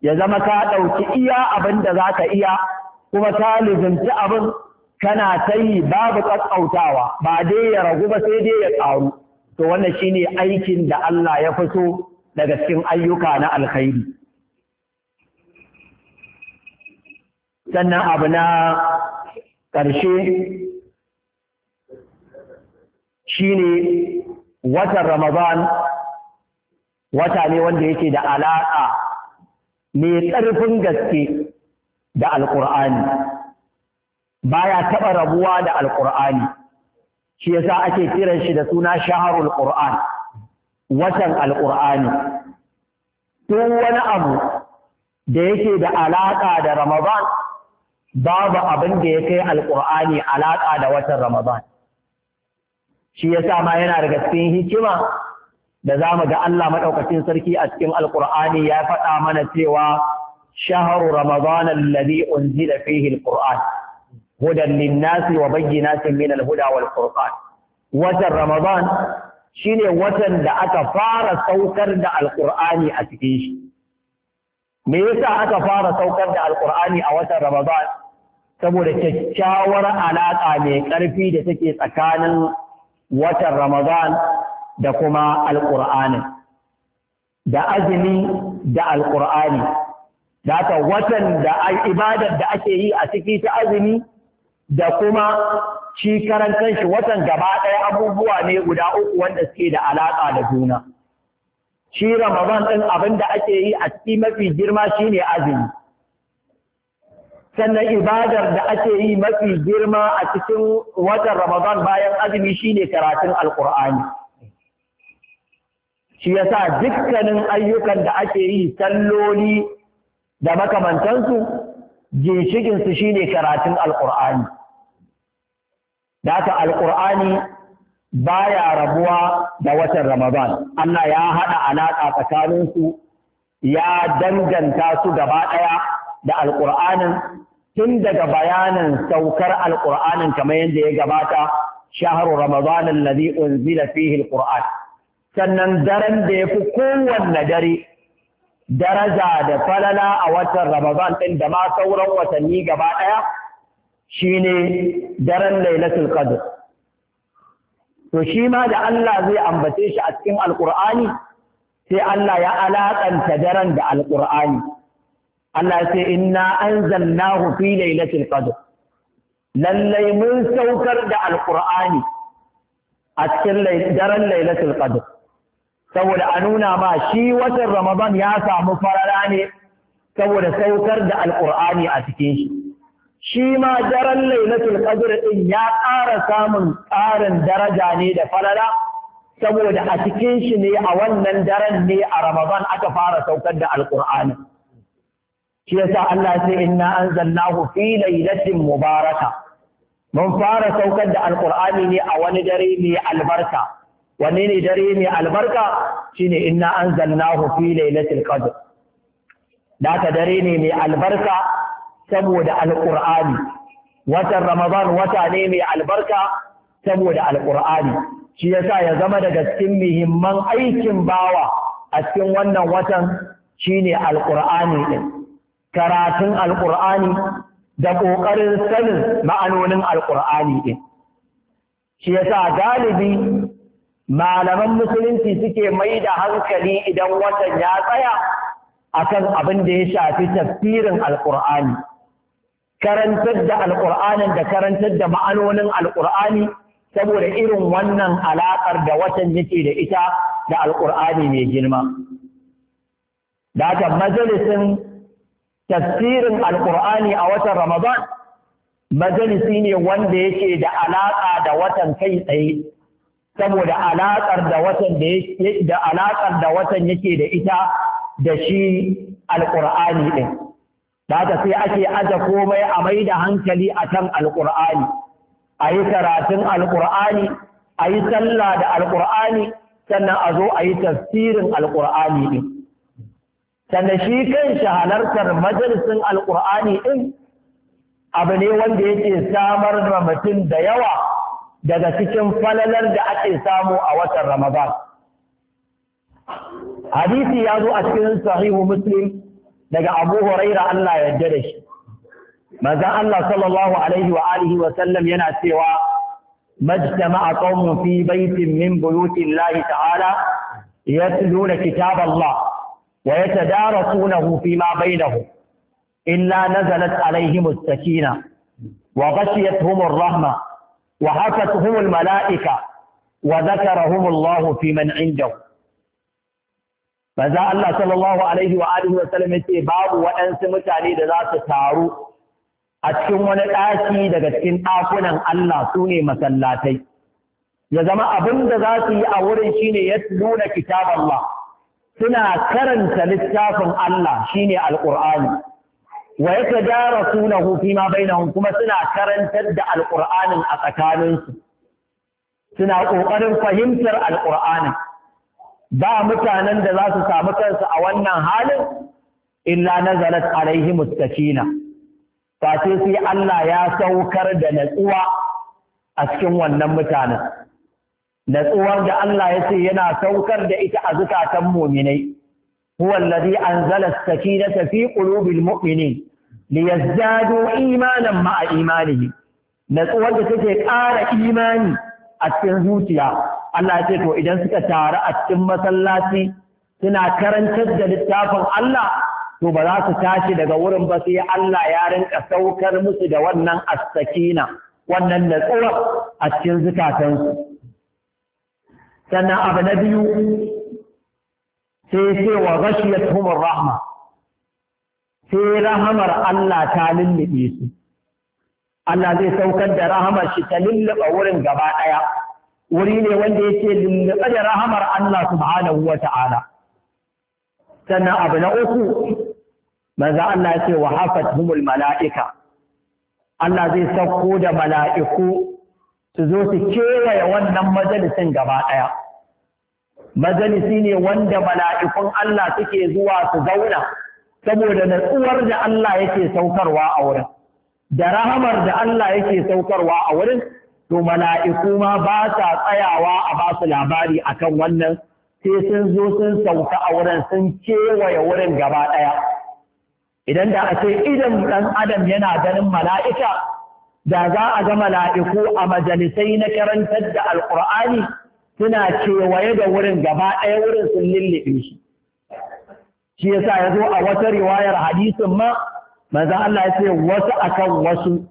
ya zama ka ɗauki iya abin da za ka iya kuma ka lizinci abin kana ta yi babu ƙasƙautawa, ba dai ya ragu ba sai dai ya ƙaru to wannan shi ne aikin da Allah ya fi so daga cikin ayyuka na alkhairi sannan abu na ƙarshe shi ne watan Ramadan wata ne wanda yake da alaƙa mai ƙarfin gaske da Alƙur'ani. Baya taɓa rabuwa da Alƙur'ani. Shi yasa ake kiran shi da suna shaharul Qur'an, watan Alƙur'ani. Duk wani abu da yake da alaƙa da Ramadan babu abin da ya kai Alƙur'ani alaƙa da watan Ramadan. shi yasa ma yana daga cikin hikima da za mu ga Allah maɗaukacin sarki a cikin alƙur'ani ya faɗa mana cewa shaharu ramadana alladhi unzila fihi alqur'an hudan linnasi wa bayyinatin min alhuda wal furqan watan ramadan shine watan da aka fara saukar da alqur'ani a cikin shi me yasa aka fara saukar da alqur'ani a watan ramadan saboda kyakkyawar alaƙa mai ƙarfi da take tsakanin watan Ramadan da kuma Alƙur'ani, da azumi da Alƙur'ani, da haka watan da ibadar da ake yi a ciki ta azumi da kuma shi karan kanshi watan gaba ɗaya abubuwa ne guda uku wanda suke da alaƙa da juna. Shi Ramadan ɗin abin da ake yi a ciki mafi girma shine azumi. sannan ibadar da ake yi mafi girma a cikin watan Ramadan bayan azumi shine karatun Alƙur'ani. Shi yasa dukkanin ayyukan da ake yi salloli da makamantansu ginshiginsu shine karatun Alƙur'ani. Da haka Alƙur'ani baya rabuwa da watan Ramadan. Allah ya haɗa alaƙa tsakaninsu ya danganta su gaba ɗaya da alƙur'anin tun daga bayanin saukar alƙur'anin kamar yadda ya gabata shaharu ramadan alladhi unzila fihi alqur'an sannan daren da yafi kowanne dare daraja da falala a watan ramadan din da ma sauran watanni gaba daya shine daren lailatul qadr to shi ma da Allah zai ambace shi a cikin alqur'ani sai Allah ya alakanta daren da alqur'ani Allah ya ce inna anzalnahu fi lailatul qadr lallai mun saukar da alqur'ani a cikin daren lailatul qadr saboda a nuna ma shi watan ramadan ya samu farara ne saboda saukar da alqur'ani a cikin shi shi ma daren lailatul qadr din ya ƙara samun ƙarin daraja ne da farara saboda a cikin shi ne a wannan daren ne a ramadan aka fara saukar da alqur'ani shi yasa Allah sai inna anzalnahu fi lailatin mubaraka mun fara saukar da alqur'ani ne a wani dare mai albarka Wani ne dare mai albarka shine inna anzalnahu fi lailatul qadr da ka dare ne mai albarka saboda alqur'ani watan ramadan wata ne mai albarka saboda alqur'ani shi yasa ya zama daga cikin muhimman aikin bawa a cikin wannan watan shine alqur'ani din karatun alƙur'ani da ƙoƙarin sanin ma'anonin alƙur'ani ɗin. Shi yasa galibi malaman musulunci suke mai da hankali idan watan ya tsaya akan abin da ya shafi tafsirin alƙur'ani. Karantar da alƙur'anin da karantar da ma'anonin alƙur'ani saboda irin wannan alaƙar da watan yake da ita da alƙur'ani mai girma. Da haka majalisin tafsirin alƙur'ani a watan Ramadan majalisi ne wanda yake da alaƙa da watan kai tsaye saboda alaƙar da watan da da alaƙar da watan yake da ita da shi alƙur'ani ɗin da haka sai ake aje komai a mai da hankali a kan alƙur'ani a yi karatun alƙur'ani a yi sallah da alƙur'ani sannan a zo a yi tafsirin alƙur'ani ɗin sannan shi kan shi halartar majalisin alƙur'ani ɗin abu ne wanda yake samar da mutum da yawa daga cikin falalar da ake samu a watan ramadan hadisi ya zo a cikin sahihu muslim daga abu huraira allah yarda da shi maza allah sallallahu alaihi wa alihi wa sallam yana cewa majtama'a qaumun fi baitin min buyuti ta'ala yatluna kitab allah wa yatadarasunahu fi ma bainahum illa nazalat alaihim as-sakina wa ghashiyatuhum ar-rahma wa hafatuhum al-mala'ika wa dhakarahum Allah fi man 'indahu maza Allah sallallahu alaihi wa wa sallam yace babu waɗansu mutane da za su taru a cikin wani ɗaki daga cikin ɗakunan Allah sune masallatai ya zama abin da za su yi a wurin shine ya nuna kitab Allah suna karanta littafin Allah shine alqur'ani wa hufi ma bainahum kuma suna karantar da alqur'anin a tsakaninsu suna ƙoƙarin fahimtar alqur'anin ba mutanen da za su samu kansu a wannan halin illa nazarat alaihi sakina fa sai Allah ya saukar da natsuwa a cikin wannan mutanen natsuwar da Allah ya ce yana saukar da ita a zukatan muminai huwa allazi anzala as-sakinata fi qulubil mu'minin liyazdadu imanan ma'a imanihim natsuwar da take ƙara imani a cikin zuciya Allah ya ce to idan suka taru a cikin masallaci suna karantar da littafin Allah to ba za su tashi daga wurin ba sai Allah ya rinka saukar musu da wannan as-sakina wannan natsuwar a cikin zukatansu sannan abu na biyu sai sai wa ghashiyat humur rahma sai rahamar Allah ta lullube su Allah zai saukar da rahamar shi ta lullube wurin gaba ɗaya wuri ne wanda yake lullube da rahamar Allah subhanahu wa ta'ala sannan abu na uku manzo Allah ya ce wa hafat humul mala'ika Allah zai sauko da mala'iku su zo su kewaye wannan majalisin gaba ɗaya. Majalisi ne wanda mala'ikun Allah suke zuwa su zauna, saboda natsuwar da Allah yake saukarwa a wurin, da rahamar da Allah yake saukarwa a wurin, to mala'iku ma ba sa tsayawa a ba su labari a kan wannan, sai sun zo sun sauka a wurin sun kewaye wurin gaba ɗaya. Idan da a ce idan ɗan adam yana ganin mala'ika, da za a ga mala'iku a majalisai na karantar da alƙur'ani suna kewaye da wurin gaba ɗaya wurin sun lullube shi shi yasa ya zo a wata riwayar hadisin ma manzon Allah ya ce wasu akan wasu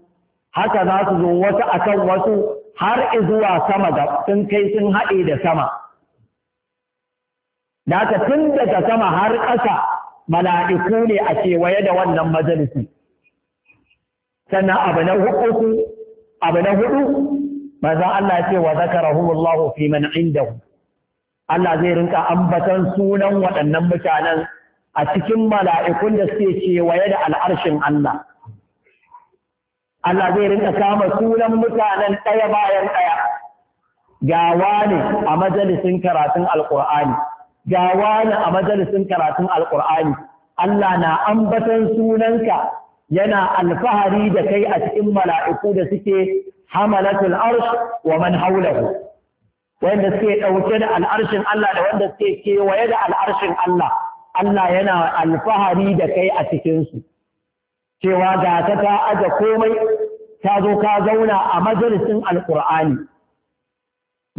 haka za su zo wasu akan wasu har zuwa sama da sun kai sun haɗe da sama da tun daga sama har ƙasa mala'iku ne a kewaye da wannan majalisi sannan abu na hukuku abu na hudu manzon Allah ya ce wa zakarahumullahu fi man indahu Allah zai rinka ambatan sunan waɗannan mutanen a cikin mala'ikun da suke kewaye da al'arshin Allah. Allah zai rinka kama sunan mutanen ɗaya bayan ɗaya. Gawa ne a majalisin karatun Alƙur'ani, gawa ne a majalisin karatun Alƙur'ani. Allah na ambatan sunanka yana alfahari da kai a cikin mala'iku da suke hamalatul arsh wa man haulahu wanda suke ɗauke da al'arshin Allah da wanda suke kewaye da al'arshin Allah Allah yana alfahari da kai a cikinsu cewa ga ta ta aje komai ta zo ka zauna a majalisin alƙur'ani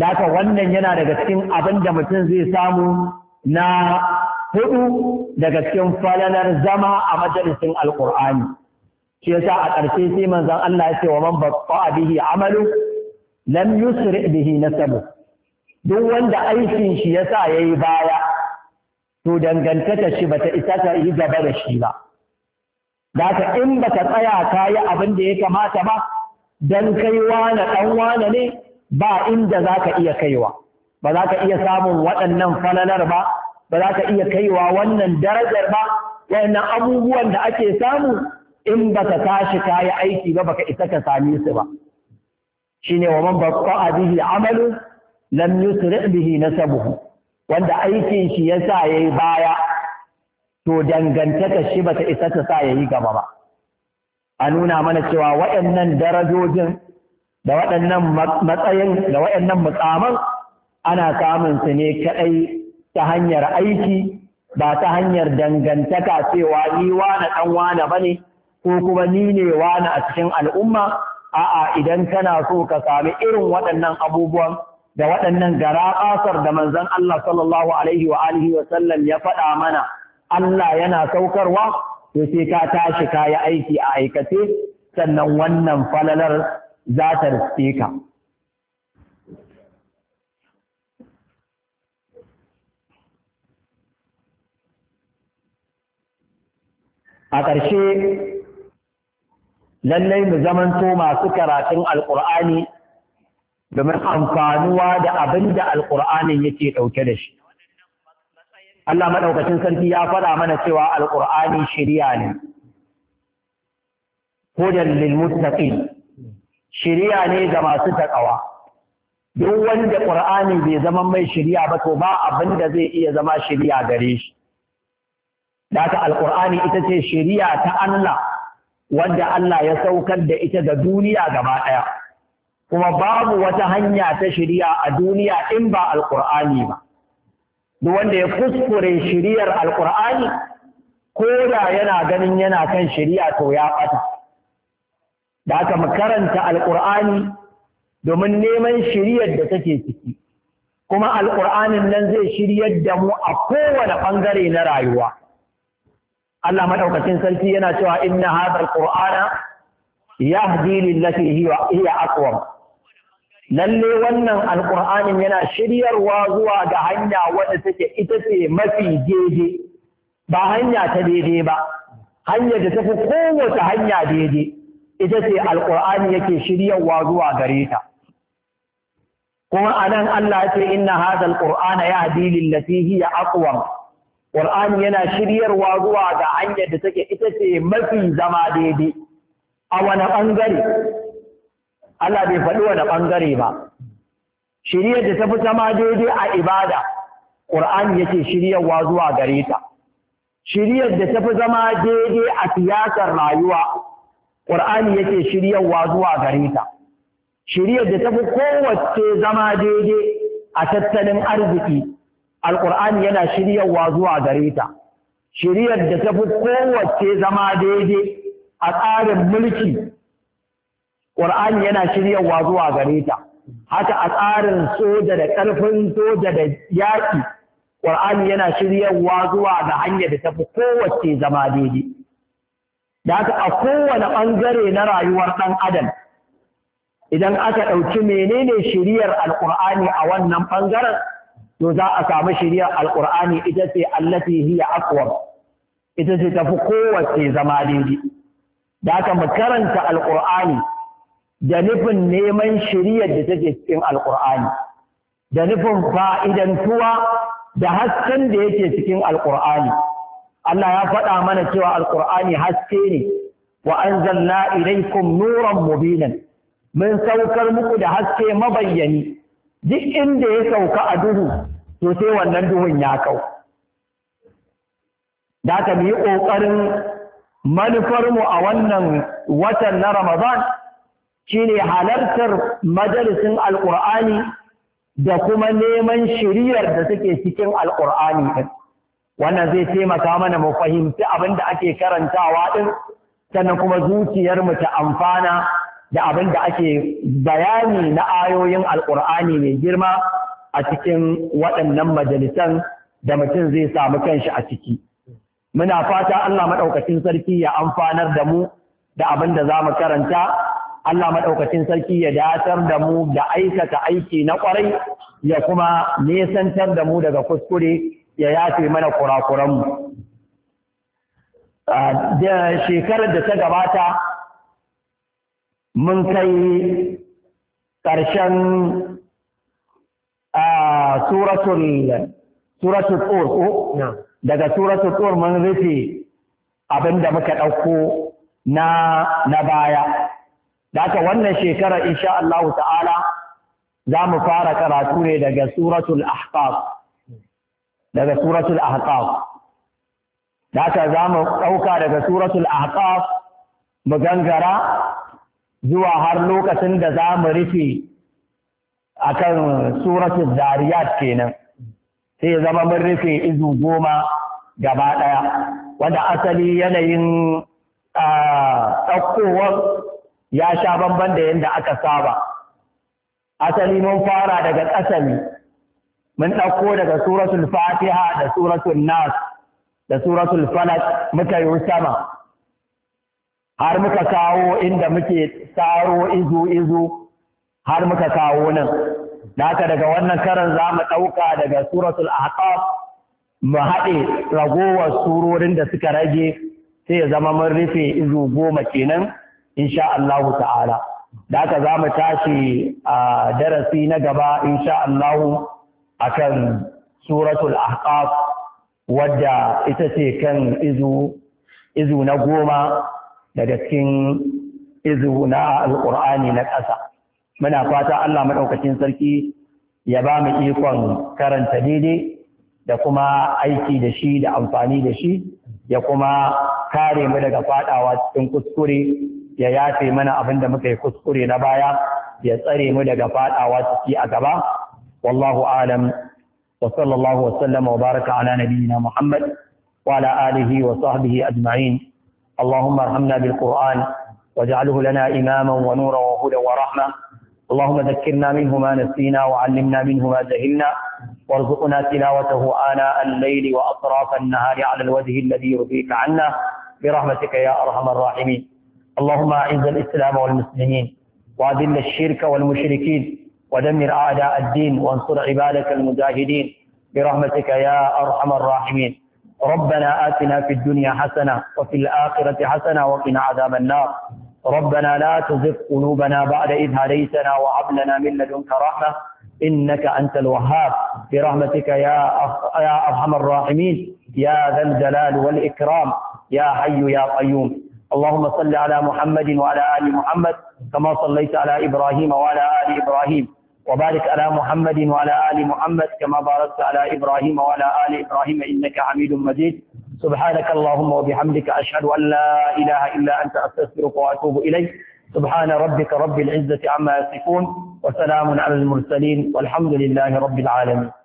da wannan yana daga cikin abin da mutum zai samu na hudu daga cikin falalar zama a majalisin alƙur'ani shi yasa a ƙarshe sai manzon Allah ya ce wa man baqa bihi amalu lam yusri bihi nasabu duk wanda aikin shi yasa yayi baya to dangantaka shi bata isa ta yi gaba da shi ba Daka in baka tsaya kayi abin da ya kamata ba dan kai wane dan wane ne ba inda zaka iya kaiwa ba za ka iya samun waɗannan falalar ba ba za ka iya kaiwa wannan darajar ba Wannan abubuwan da ake samu in ba baka tashi yi aiki ba baka isa ka same su ba Shi ne wa man a bihi amalu lam yusri bihi nasabuhu wanda aikin shi ya yasa yayi baya to dangantaka shi ba bata isa ta sa yayi gaba ba a nuna mana cewa waɗannan darajojin da waɗannan matsayin da waɗannan mutsaman ana samun su ne kaɗai ta hanyar aiki ba ta hanyar dangantaka cewa ni wane ɗan wane ba ne ko kuma ni ne wani a cikin al'umma a'a idan kana so ka sami irin waɗannan abubuwan da waɗannan garaƙasar da manzon Allah sallallahu alaihi wa alihi wa ya faɗa mana Allah yana saukarwa to sai ka tashi kayi aiki a aikace sannan wannan falalar za ta rufe ka a ƙarshe lallai mu zamanto masu karatun alƙur'ani domin amfanuwa da abin da alƙur'anin yake ɗauke da shi Allah maɗaukacin sarki ya faɗa mana cewa alƙur'ani shirya ne hudan lil shirya ne ga masu taƙawa duk wanda ƙur'ani bai zama mai shirya ba to ba abin da zai iya zama shirya gare shi da alƙur'ani ita ce shirya ta Allah wanda Allah ya saukar da ita ga duniya gaba ɗaya kuma babu wata hanya ta shiriya a duniya in ba Alkur'ani ba duk wanda ya kuskure shiriyar Alkur'ani, ko da yana ganin yana kan shiriya to ya ɓata da aka mu karanta alƙur'ani domin neman shiriyar da take ciki kuma Alkur'anin nan zai shiryar da mu a kowane ɓangare na rayuwa Allah madaukakin sarki yana cewa inna hadha alqur'ana yahdi lillati hiya hiya aqwam lalle wannan alqur'anin yana shiryarwa zuwa ga hanya wadda take ita ce mafi daidai ba hanya ta daidai ba hanya da tafi kowace hanya daidai ita ce alqur'ani yake shiryarwa zuwa gare ta kuma anan Allah ya ce inna hadha alqur'ana yahdi lillati hiya aqwam Ƙur'ani yana shiryarwa zuwa ga hanyar da take ita ce mafi zama daidai a wani ɓangare. Allah bai faɗi wani ɓangare ba. Shiryar da ta fi zama daidai a ibada, Ƙur'ani yake shiryarwa zuwa gare ta. Shiryar da ta fi zama daidai a siyasar rayuwa, Ƙur'ani yake shiryarwa zuwa gare ta. Shiryar da ta fi kowace zama daidai a tattalin arziki, alƙur'ani yana shiryarwa zuwa gare ta shiryar da ta fi kowace zama daidai a tsarin mulki ƙur'ani yana shiryarwa zuwa gare ta haka a tsarin soja da ƙarfin soja da yaƙi ƙur'ani yana shiryarwa zuwa da hanyar da ta fi kowace zama daidai da haka a kowane ɓangare na rayuwar ɗan adam idan aka ɗauki menene shiryar alƙur'ani a wannan ɓangaren to za a samu shiriyar alkur'ani ita ce allati hiya aqwam ita ce tafi kowace zama daidai da aka mu karanta alkur'ani da nufin neman shiriyar da take cikin alqur'ani da nufin fa'idantuwa da hasken da yake cikin alkur'ani Allah ya faɗa mana cewa alkur'ani haske ne wa anzalna ilaykum nuran mubinan mun saukar muku da haske mabayyani duk inda ya sauka a duhu to sai wannan duhun ya kau da ka mu yi ƙoƙarin manufarmu a wannan watan na Ramadan shine halartar madarisin Alƙur'ani da kuma neman shiriyar da suke cikin Alƙur'ani ɗin. Wannan zai taimaka mana mu fahimci abin da ake karantawa ɗin sannan kuma zuciyarmu ta amfana da abin da ake bayani na ayoyin alkur'ani mai girma a cikin waɗannan majalisan da mutum zai samu kanshi a ciki muna fata Allah maɗaukacin sarki ya amfanar da mu da abin da za mu karanta Allah maɗaukacin sarki ya datar da mu da aikata aiki na ƙwarai ya kuma nesantar da mu daga kuskure ya yafe mana kurakuranmu. Da shekarar da ta gabata mun kai ƙarshen ah, suratul suratul daga suratul mun rufe abin da muka ɗauko na na baya daga wannan shekara insha Allah ta'ala za mu fara karatu ne daga suratul ahqaf daga suratul ahqaf daga za mu ɗauka daga suratul ahqaf mu gangara zuwa har lokacin da za mu rufe a kan suratun zariyat kenan sai zama mun rufe izu goma gaba ɗaya wanda asali yanayin ɗaukowar ya sha bamban da yadda aka saba asali mun fara daga ƙasami mun ɗauko daga suratul fatiha da suratul nas da suratul falak muka yi sama har muka kawo inda muke tsaro izu-izu har muka kawo nan. Daka daga wannan karan za mu ɗauka daga suratul ahqaf mu haɗe ragowar surorin da suka rage sai ya zama mun rufe izu goma kenan insha Allahu ta'ala. Daka za mu tashi a darasi na gaba insha Allahu akan suratul ahqaf wadda ita ce kan izu izu na goma daga cikin izu na alƙur'ani na ƙasa muna fata Allah maɗaukacin sarki ya ba mu ikon karanta daidai da kuma aiki da shi da amfani da shi ya kuma kare mu daga faɗawa cikin kuskure ya yafe mana abin da muka yi kuskure na baya ya tsare mu daga faɗawa ciki a gaba wallahu alam wa sallallahu wa sallama wa baraka ala nabiyina muhammad wa ala alihi wa sahbihi ajma'in اللهم ارحمنا بالقرآن واجعله لنا إماما ونورا وهدى ورحمة اللهم ذكرنا منه ما نسينا وعلمنا منه ما جهلنا وارزقنا تلاوته آناء الليل وأطراف النهار على الوجه الذي يرضيك عنا برحمتك يا أرحم الراحمين اللهم أعز الإسلام والمسلمين وأذل الشرك والمشركين ودمر أعداء الدين وانصر عبادك المجاهدين برحمتك يا أرحم الراحمين ربنا آتنا في الدنيا حسنة وفي الآخرة حسنة وقنا عذاب النار ربنا لا تزغ قلوبنا بعد إذ هديتنا وهب لنا من لدنك رحمة إنك أنت الوهاب برحمتك يا يا أرحم الراحمين يا ذا الجلال والإكرام يا حي يا قيوم اللهم صل على محمد وعلى آل محمد كما صليت على إبراهيم وعلى آل إبراهيم وبارك على محمد وعلى آل محمد كما باركت على إبراهيم وعلى آل إبراهيم إنك حميد مجيد سبحانك اللهم وبحمدك أشهد أن لا إله إلا أنت أستغفرك وأتوب إليك سبحان ربك رب العزة عما يصفون وسلام على المرسلين والحمد لله رب العالمين